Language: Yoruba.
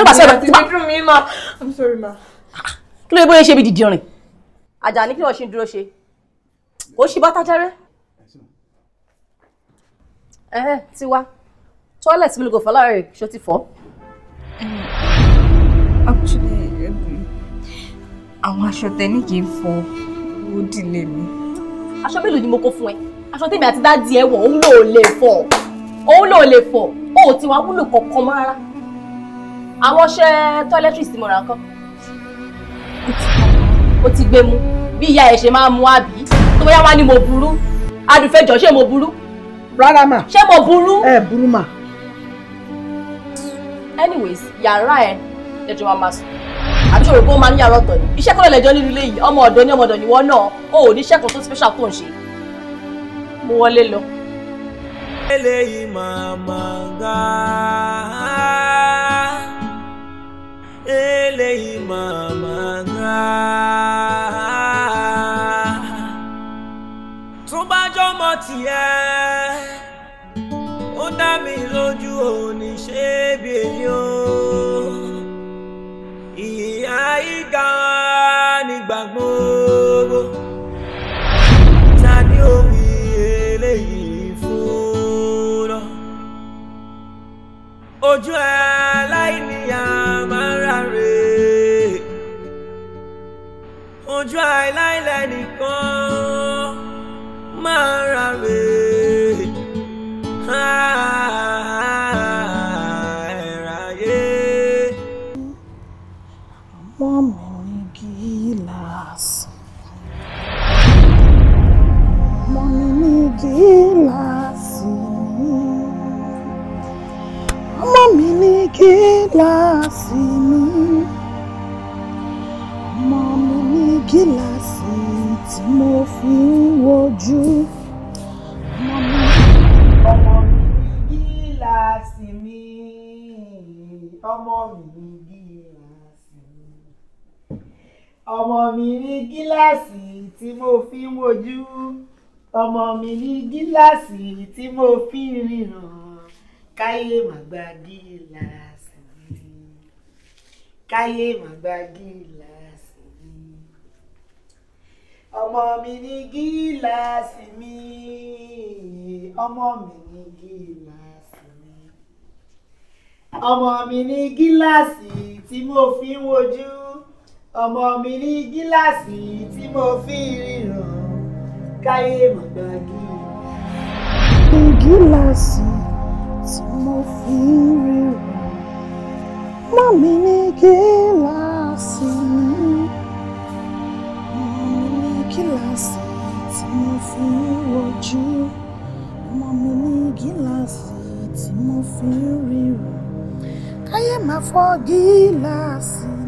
ṣé bàbá sọ̀rọ̀ tí bá. I'm sorry ma. kí ló yẹ bóyá ṣe bí dìde ọ̀rìn. Àjàní kí ni wọ́n ṣe ń dúró ṣe ó ṣì bá tájárẹ́. ẹ̀hẹ́ tiwa toilet mi ló gò fọlá rẹ̀ ṣó ti fọ́. actually àwọn aṣọ tẹni kì í fọ ó mi. aṣọ mélòó ni mo kó fún ẹ aṣọ tèmi àti dáàdi ẹ wọ òun ló lè fọ òun ló lè fọ ó ti wá wúlò kankan mọ́ rárá àwọn ọṣẹ toiletries tí mo rà kọ́ ó ti gbé mu bí ìyá ẹ̀ ṣe máa mu àbí tó bóyá wá ní mo burú adùnfẹ́jọ́ ṣé mo burú. rárá mà ṣé mo burú. ẹ burú mà. anyways yàrá ẹ lẹjọ máa máa sùn àbí ṣòro pé ó máa ní yàrá ọ̀tọ̀ ni iṣẹ́ kọ́lẹ̀ lẹ́jọ́ nínú ilé yìí ọmọ ọ̀dọ́ ní ọmọ ọ̀dọ́ ni wọ́n náà ó ò ní iṣẹ́ kan tó special tó ń ṣe mo wọlé lọ. eléyìí màmá gáà ìmọ̀mọ̀ra. tó bá jọmọ tiẹ̀ ó dá mi lójú òní ṣé bí èyí ó. ìyá ìgbà nígbà ni ó wí eléyìí fún náà ojú ẹ láì ní. ojú àìláìlẹ̀ nìkan máa ra rè ẹ̀ráyé. mọ́mí ní gíláàsì mọ́mí ní gíláàsì mọ́mí ní gíláàsì mi gíláàsì tí mo fi ń wojú. ọmọ mi gíláàsì mi ọmọ mi gíláàsì mi ọmọ mi ní gíláàsì tí mo fi ń wojú ọmọ mi ní gíláàsì tí mo fi ń káyé màgbà gíláàsì mi káyé màgbà gíláàsì ọmọ mi ní gíláàsì mi ọmọ mi ní gíláàsì mi ọmọ mi ní gíláàsì tí mo fi ń wojú ọmọ mi ní gíláàsì tí mo fi ń ríran káyé mọ̀gbàgì. gíláàsì tí mo fi ń ríran mọ́ mi ní gíláàsì. gíláàsì tí mo fi ń ríran káyé máa fọ́ gíláàsì.